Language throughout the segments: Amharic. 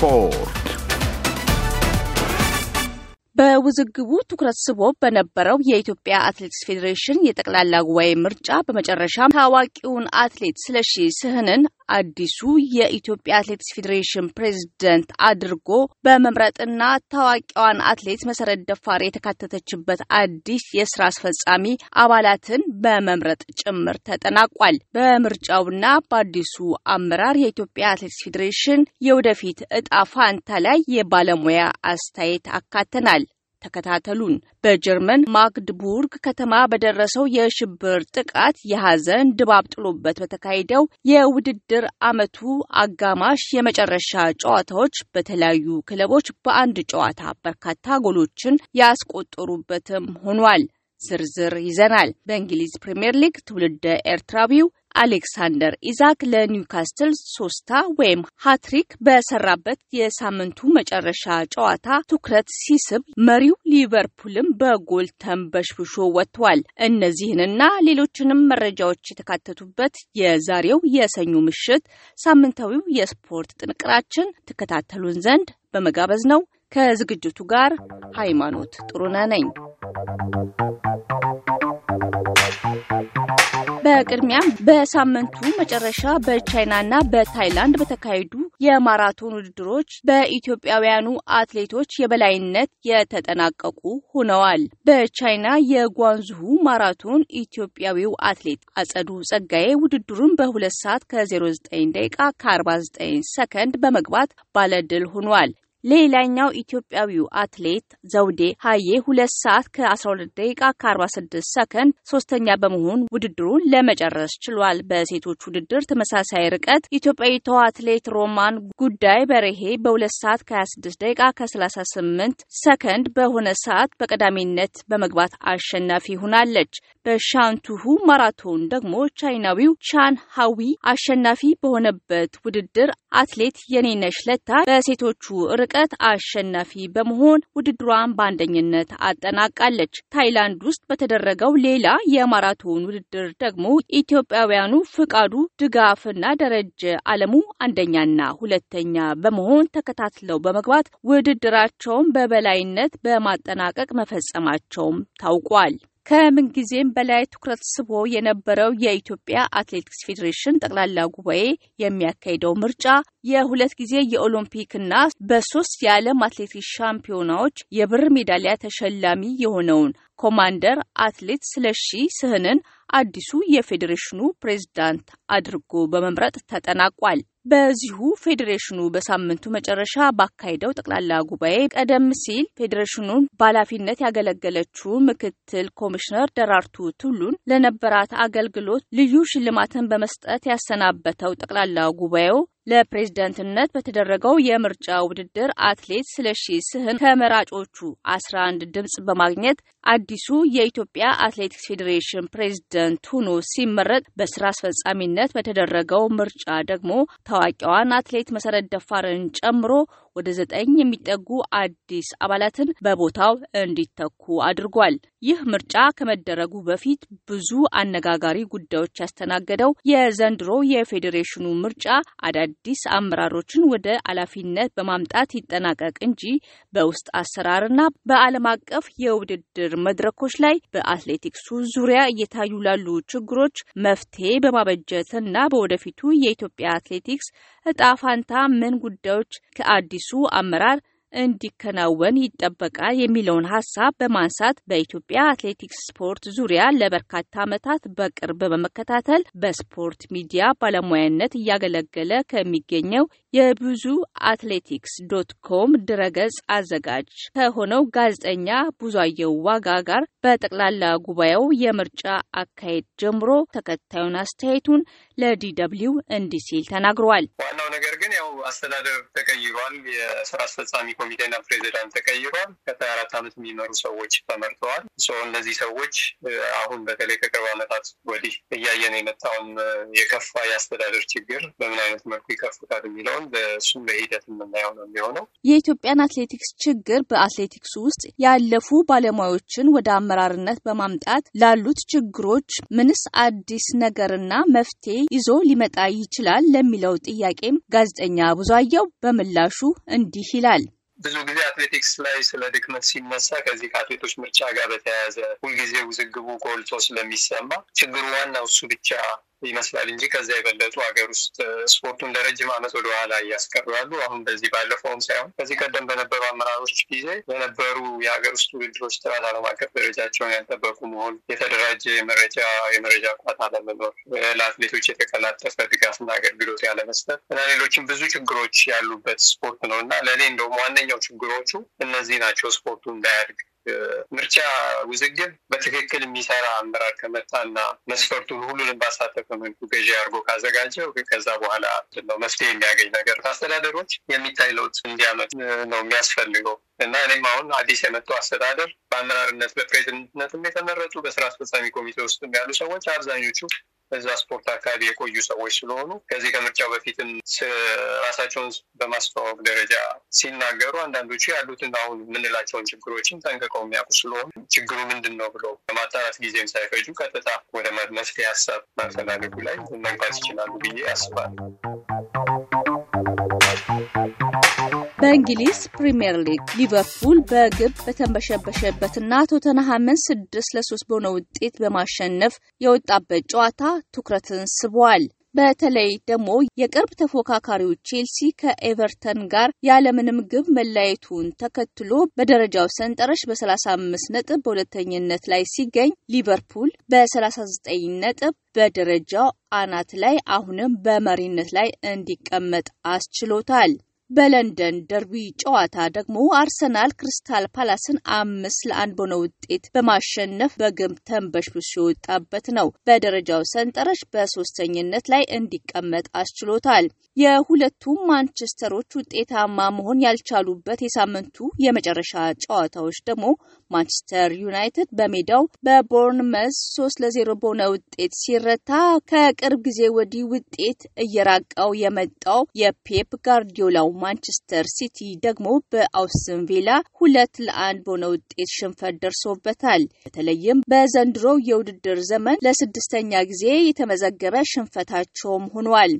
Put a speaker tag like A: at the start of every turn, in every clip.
A: ስፖርት
B: በውዝግቡ ትኩረት ስቦ በነበረው የኢትዮጵያ አትሌቲክስ ፌዴሬሽን የጠቅላላ ጉባኤ ምርጫ በመጨረሻ ታዋቂውን አትሌት ስለሺ ስህንን አዲሱ የኢትዮጵያ አትሌቲክስ ፌዴሬሽን ፕሬዝደንት አድርጎ በመምረጥና ታዋቂዋን አትሌት መሰረት ደፋር የተካተተችበት አዲስ የስራ አስፈጻሚ አባላትን በመምረጥ ጭምር ተጠናቋል። በምርጫውና በአዲሱ አመራር የኢትዮጵያ አትሌቲክስ ፌዴሬሽን የወደፊት እጣ ፋንታ ላይ የባለሙያ አስተያየት አካተናል። ተከታተሉን። በጀርመን ማግድቡርግ ከተማ በደረሰው የሽብር ጥቃት የሐዘን ድባብ ጥሎበት በተካሄደው የውድድር ዓመቱ አጋማሽ የመጨረሻ ጨዋታዎች በተለያዩ ክለቦች በአንድ ጨዋታ በርካታ ጎሎችን ያስቆጠሩበትም ሆኗል። ዝርዝር ይዘናል። በእንግሊዝ ፕሪምየር ሊግ ትውልደ ኤርትራዊው አሌክሳንደር ኢዛክ ለኒውካስትል ሶስታ ወይም ሃትሪክ በሰራበት የሳምንቱ መጨረሻ ጨዋታ ትኩረት ሲስብ መሪው ሊቨርፑልም በጎል ተንበሽብሾ ወጥቷል። እነዚህንና ሌሎችንም መረጃዎች የተካተቱበት የዛሬው የሰኞ ምሽት ሳምንታዊው የስፖርት ጥንቅራችን ትከታተሉን ዘንድ በመጋበዝ ነው። ከዝግጅቱ ጋር ሃይማኖት ጥሩነህ ነኝ። በቅድሚያም በሳምንቱ መጨረሻ በቻይናና በታይላንድ በተካሄዱ የማራቶን ውድድሮች በኢትዮጵያውያኑ አትሌቶች የበላይነት የተጠናቀቁ ሆነዋል። በቻይና የጓንዙሁ ማራቶን ኢትዮጵያዊው አትሌት አጸዱ ጸጋዬ ውድድሩን በሁለት ሰዓት ከ09 ደቂቃ ከ49 ሰከንድ በመግባት ባለድል ሆኗል። ሌላኛው ኢትዮጵያዊው አትሌት ዘውዴ ሀዬ ሁለት ሰዓት ከ12 ደቂቃ ከ46 ሰከንድ ሶስተኛ በመሆን ውድድሩን ለመጨረስ ችሏል። በሴቶች ውድድር ተመሳሳይ ርቀት ኢትዮጵያዊቷ አትሌት ሮማን ጉዳይ በርሄ በሁለት ሰዓት ከ26 ደቂቃ ከ38 ሰከንድ በሆነ ሰዓት በቀዳሚነት በመግባት አሸናፊ ሆናለች። በሻንቱሁ ማራቶን ደግሞ ቻይናዊው ቻን ሀዊ አሸናፊ በሆነበት ውድድር አትሌት የኔነሽ ለታ በሴቶቹ ር ርቀት አሸናፊ በመሆን ውድድሯን በአንደኝነት አጠናቃለች። ታይላንድ ውስጥ በተደረገው ሌላ የማራቶን ውድድር ደግሞ ኢትዮጵያውያኑ ፍቃዱ ድጋፍና ደረጀ አለሙ አንደኛና ሁለተኛ በመሆን ተከታትለው በመግባት ውድድራቸውን በበላይነት በማጠናቀቅ መፈጸማቸውም ታውቋል። ከምንጊዜም በላይ ትኩረት ስቦ የነበረው የኢትዮጵያ አትሌቲክስ ፌዴሬሽን ጠቅላላ ጉባኤ የሚያካሂደው ምርጫ የሁለት ጊዜ የኦሎምፒክና በሶስት የዓለም አትሌቲክስ ሻምፒዮናዎች የብር ሜዳሊያ ተሸላሚ የሆነውን ኮማንደር አትሌት ስለሺ ስህንን አዲሱ የፌዴሬሽኑ ፕሬዝዳንት አድርጎ በመምረጥ ተጠናቋል። በዚሁ ፌዴሬሽኑ በሳምንቱ መጨረሻ ባካሄደው ጠቅላላ ጉባኤ ቀደም ሲል ፌዴሬሽኑን በኃላፊነት ያገለገለችው ምክትል ኮሚሽነር ደራርቱ ቱሉን ለነበራት አገልግሎት ልዩ ሽልማትን በመስጠት ያሰናበተው ጠቅላላ ጉባኤው ለፕሬዝደንትነት በተደረገው የምርጫ ውድድር አትሌት ስለሺ ስህን ከመራጮቹ 11 ድምፅ በማግኘት አዲሱ የኢትዮጵያ አትሌቲክስ ፌዴሬሽን ፕሬዝደንት ሆኖ ሲመረጥ በስራ አስፈጻሚነት በተደረገው ምርጫ ደግሞ ታዋቂዋን አትሌት መሰረት ደፋርን ጨምሮ ወደ ዘጠኝ የሚጠጉ አዲስ አባላትን በቦታው እንዲተኩ አድርጓል። ይህ ምርጫ ከመደረጉ በፊት ብዙ አነጋጋሪ ጉዳዮች ያስተናገደው የዘንድሮ የፌዴሬሽኑ ምርጫ አዳዲስ አመራሮችን ወደ ኃላፊነት በማምጣት ይጠናቀቅ እንጂ በውስጥ አሰራርና በዓለም አቀፍ የውድድር መድረኮች ላይ በአትሌቲክሱ ዙሪያ እየታዩ ላሉ ችግሮች መፍትሄ በማበጀትና በወደፊቱ የኢትዮጵያ አትሌቲክስ እጣ ፋንታ ምን ጉዳዮች ከአዲስ አዲሱ አመራር እንዲከናወን ይጠበቃል የሚለውን ሀሳብ በማንሳት በኢትዮጵያ አትሌቲክስ ስፖርት ዙሪያ ለበርካታ ዓመታት በቅርብ በመከታተል በስፖርት ሚዲያ ባለሙያነት እያገለገለ ከሚገኘው የብዙ አትሌቲክስ ዶት ኮም ድረገጽ አዘጋጅ ከሆነው ጋዜጠኛ ብዙአየው ዋጋ ጋር በጠቅላላ ጉባኤው የምርጫ አካሄድ ጀምሮ ተከታዩን አስተያየቱን ለዲደብሊው እንዲህ ሲል ተናግሯል። ዋናው
A: ነገር ግን ያው አስተዳደር ተቀይሯል። የስራ አስፈጻሚ ኮሚቴና ፕሬዚዳንት ተቀይሯል። ከሀያ አራት ዓመት የሚመሩ ሰዎች ተመርተዋል። እነዚህ ሰዎች አሁን በተለይ ከቅርብ ዓመታት ወዲህ እያየን የመጣውን የከፋ የአስተዳደር ችግር በምን አይነት መልኩ ይከፍታል የሚለውን በእሱም በሂደት የምናየው ነው የሚሆነው።
B: የኢትዮጵያን አትሌቲክስ ችግር በአትሌቲክስ ውስጥ ያለፉ ባለሙያዎችን ወደ አመራርነት በማምጣት ላሉት ችግሮች ምንስ አዲስ ነገርና መፍትሄ ይዞ ሊመጣ ይችላል ለሚለው ጥያቄም ጋዜጠኛ ብዙአየው በምላሹ እንዲህ ይላል።
A: ብዙ ጊዜ አትሌቲክስ ላይ ስለ ድክመት ሲነሳ ከዚህ ከአትሌቶች ምርጫ ጋር በተያያዘ ሁልጊዜ ውዝግቡ ጎልቶ ስለሚሰማ ችግሩ ዋናው እሱ ብቻ ይመስላል እንጂ ከዛ የበለጡ ሀገር ውስጥ ስፖርቱን ለረጅም ዓመት ወደኋላ እያስቀሩ ያሉ አሁን በዚህ ባለፈውም ሳይሆን ከዚህ ቀደም በነበሩ አመራሮች ጊዜ በነበሩ የሀገር ውስጥ ውድድሮች ጥራት ዓለም አቀፍ ደረጃቸውን ያልጠበቁ መሆን፣ የተደራጀ የመረጃ የመረጃ ቋት አለመኖር፣ ለአትሌቶች የተቀላጠፈ ድጋፍና አገልግሎት ያለመስጠት እና ሌሎችም ብዙ ችግሮች ያሉበት ስፖርት ነው እና ለእኔ እንደውም ዋነኛው ችግሮቹ እነዚህ ናቸው ስፖርቱ እንዳያድግ ምርጫ ውዝግብ በትክክል የሚሰራ አመራር ከመጣና መስፈርቱን ሁሉንም ባሳተፈ መልኩ ገዢ አድርጎ ካዘጋጀው ከዛ በኋላ ነው መፍትሄ የሚያገኝ ነገር አስተዳደሮች የሚታይ ለውጥ እንዲያመጡ ነው የሚያስፈልገው እና እኔም አሁን አዲስ የመጣው አስተዳደር በአመራርነት በፕሬዝደንትነትም የተመረጡ በስራ አስፈጻሚ ኮሚቴ ውስጥ ያሉ ሰዎች አብዛኞቹ በዛ ስፖርት አካባቢ የቆዩ ሰዎች ስለሆኑ ከዚህ ከምርጫው በፊትም ራሳቸውን በማስተዋወቅ ደረጃ ሲናገሩ አንዳንዶቹ ያሉትን አሁን የምንላቸውን ችግሮችን ጠንቅቀው የሚያውቁ ስለሆኑ ችግሩ ምንድን ነው ብለው በማጣራት ጊዜም ሳይፈጁ ቀጥታ ወደ መፍትሄ ሀሳብ ማፈላለጉ ላይ መግባት ይችላሉ ብዬ ያስባል።
B: በእንግሊዝ ፕሪምየር ሊግ ሊቨርፑል በግብ በተንበሸበሸበትና ቶተንሃምን ስድስት ለሶስት በሆነ ውጤት በማሸነፍ የወጣበት ጨዋታ ትኩረትን ስቧል። በተለይ ደግሞ የቅርብ ተፎካካሪው ቼልሲ ከኤቨርተን ጋር ያለምንም ግብ መለያየቱን ተከትሎ በደረጃው ሰንጠረዥ በ35 ነጥብ በሁለተኝነት ላይ ሲገኝ ሊቨርፑል በ39 ነጥብ በደረጃው አናት ላይ አሁንም በመሪነት ላይ እንዲቀመጥ አስችሎታል። በለንደን ደርቢ ጨዋታ ደግሞ አርሰናል ክሪስታል ፓላስን አምስት ለአንድ በሆነ ውጤት በማሸነፍ በግብ ተንበሽብሽ የወጣበት ነው። በደረጃው ሰንጠረዥ በሶስተኝነት ላይ እንዲቀመጥ አስችሎታል። የሁለቱም ማንቸስተሮች ውጤታማ መሆን ያልቻሉበት የሳምንቱ የመጨረሻ ጨዋታዎች ደግሞ ማንቸስተር ዩናይትድ በሜዳው በቦርንመዝ ሶስት ለዜሮ በሆነ ውጤት ሲረታ ከቅርብ ጊዜ ወዲህ ውጤት እየራቀው የመጣው የፔፕ ጋርዲዮላው ማንቸስተር ሲቲ ደግሞ በአውስን ቪላ ሁለት ለአንድ በሆነ ውጤት ሽንፈት ደርሶበታል። በተለይም በዘንድሮው የውድድር ዘመን ለስድስተኛ ጊዜ የተመዘገበ ሽንፈታቸውም ሆኗል።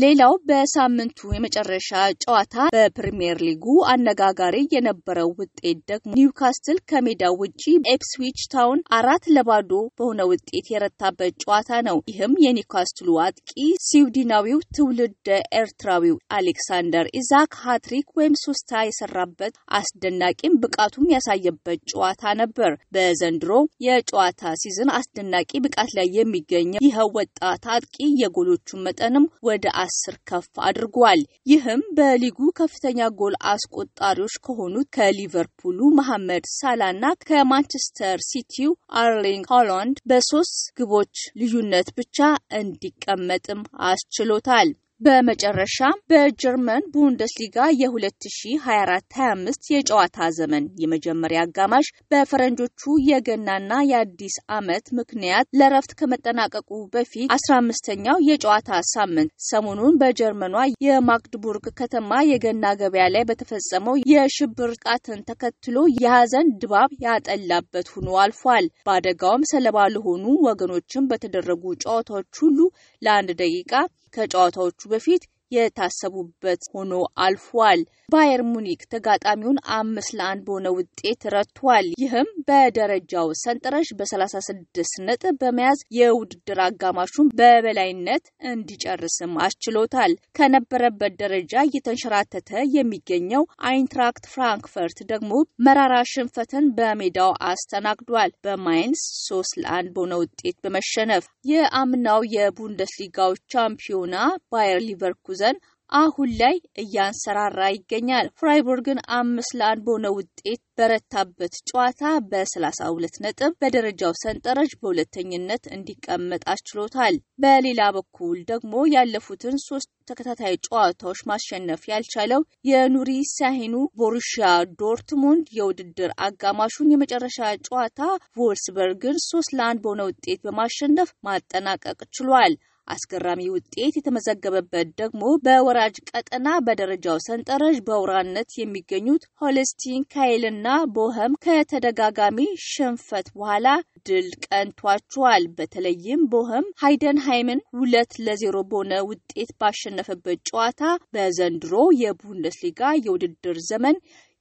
B: ሌላው በሳምንቱ የመጨረሻ ጨዋታ በፕሪምየር ሊጉ አነጋጋሪ የነበረው ውጤት ደግሞ ኒውካስትል ከሜዳ ውጪ ኤፕስዊች ታውን አራት ለባዶ በሆነ ውጤት የረታበት ጨዋታ ነው። ይህም የኒውካስትሉ አጥቂ ስዊድናዊው ትውልድ ኤርትራዊው አሌክሳንደር ኢዛክ ሃትሪክ ወይም ሶስታ የሰራበት አስደናቂም ብቃቱም ያሳየበት ጨዋታ ነበር። በዘንድሮ የጨዋታ ሲዝን አስደናቂ ብቃት ላይ የሚገኘው ይኸው ወጣት አጥቂ የጎሎቹን መጠንም ወደ አስር ከፍ አድርጓል። ይህም በሊጉ ከፍተኛ ጎል አስቆጣሪዎች ከሆኑት ከሊቨርፑሉ መሐመድ ሳላና ከማንቸስተር ሲቲው አርሊንግ ሆላንድ በሶስት ግቦች ልዩነት ብቻ እንዲቀመጥም አስችሎታል። በመጨረሻም በጀርመን ቡንደስሊጋ የ2024-25 የጨዋታ ዘመን የመጀመሪያ አጋማሽ በፈረንጆቹ የገናና የአዲስ ዓመት ምክንያት ለረፍት ከመጠናቀቁ በፊት 15ኛው የጨዋታ ሳምንት ሰሞኑን በጀርመኗ የማግድቡርግ ከተማ የገና ገበያ ላይ በተፈጸመው የሽብር ጥቃትን ተከትሎ የሐዘን ድባብ ያጠላበት ሆኖ አልፏል። በአደጋውም ሰለባ ለሆኑ ወገኖችም በተደረጉ ጨዋታዎች ሁሉ ለአንድ ደቂቃ ከጨዋታዎቹ በፊት የታሰቡበት ሆኖ አልፏል። ባየር ሙኒክ ተጋጣሚውን አምስት ለአንድ በሆነ ውጤት ረቷል። ይህም በደረጃው ሰንጠረዥ በ36 ነጥብ በመያዝ የውድድር አጋማሹን በበላይነት እንዲጨርስም አስችሎታል። ከነበረበት ደረጃ እየተንሸራተተ የሚገኘው አይንትራክት ፍራንክፈርት ደግሞ መራራ ሽንፈትን በሜዳው አስተናግዷል። በማይንስ ሶስት ለአንድ በሆነ ውጤት በመሸነፍ የአምናው የቡንደስሊጋው ቻምፒዮና ባየር ሊቨርኩዘን ሐዘን አሁን ላይ እያንሰራራ ይገኛል። ፍራይቡርግን አምስት ለአንድ በሆነ ውጤት በረታበት ጨዋታ በ32 ነጥብ በደረጃው ሰንጠረዥ በሁለተኝነት እንዲቀመጥ አስችሎታል። በሌላ በኩል ደግሞ ያለፉትን ሶስት ተከታታይ ጨዋታዎች ማሸነፍ ያልቻለው የኑሪ ሳሂኑ ቦሩሺያ ዶርትሙንድ የውድድር አጋማሹን የመጨረሻ ጨዋታ ቮልስበርግን ሶስት ለአንድ በሆነ ውጤት በማሸነፍ ማጠናቀቅ ችሏል። አስገራሚ ውጤት የተመዘገበበት ደግሞ በወራጅ ቀጠና በደረጃው ሰንጠረዥ በውራነት የሚገኙት ሆለስቲን ካይልና ቦኸም ከተደጋጋሚ ሽንፈት በኋላ ድል ቀንቷቸዋል። በተለይም ቦኸም ሃይደንሃይምን ሁለት ለዜሮ በሆነ ውጤት ባሸነፈበት ጨዋታ በዘንድሮ የቡንደስሊጋ የውድድር ዘመን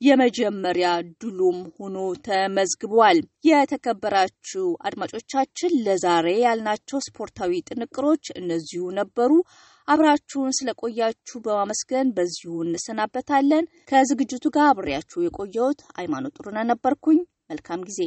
B: የመጀመሪያ ድሉም ሆኖ ተመዝግቧል። የተከበራችሁ አድማጮቻችን ለዛሬ ያልናቸው ስፖርታዊ ጥንቅሮች እነዚሁ ነበሩ። አብራችሁን ስለቆያችሁ በማመስገን በዚሁ እንሰናበታለን። ከዝግጅቱ ጋር አብሬያችሁ የቆየሁት ሃይማኖት ጥሩነህ ነበርኩኝ። መልካም ጊዜ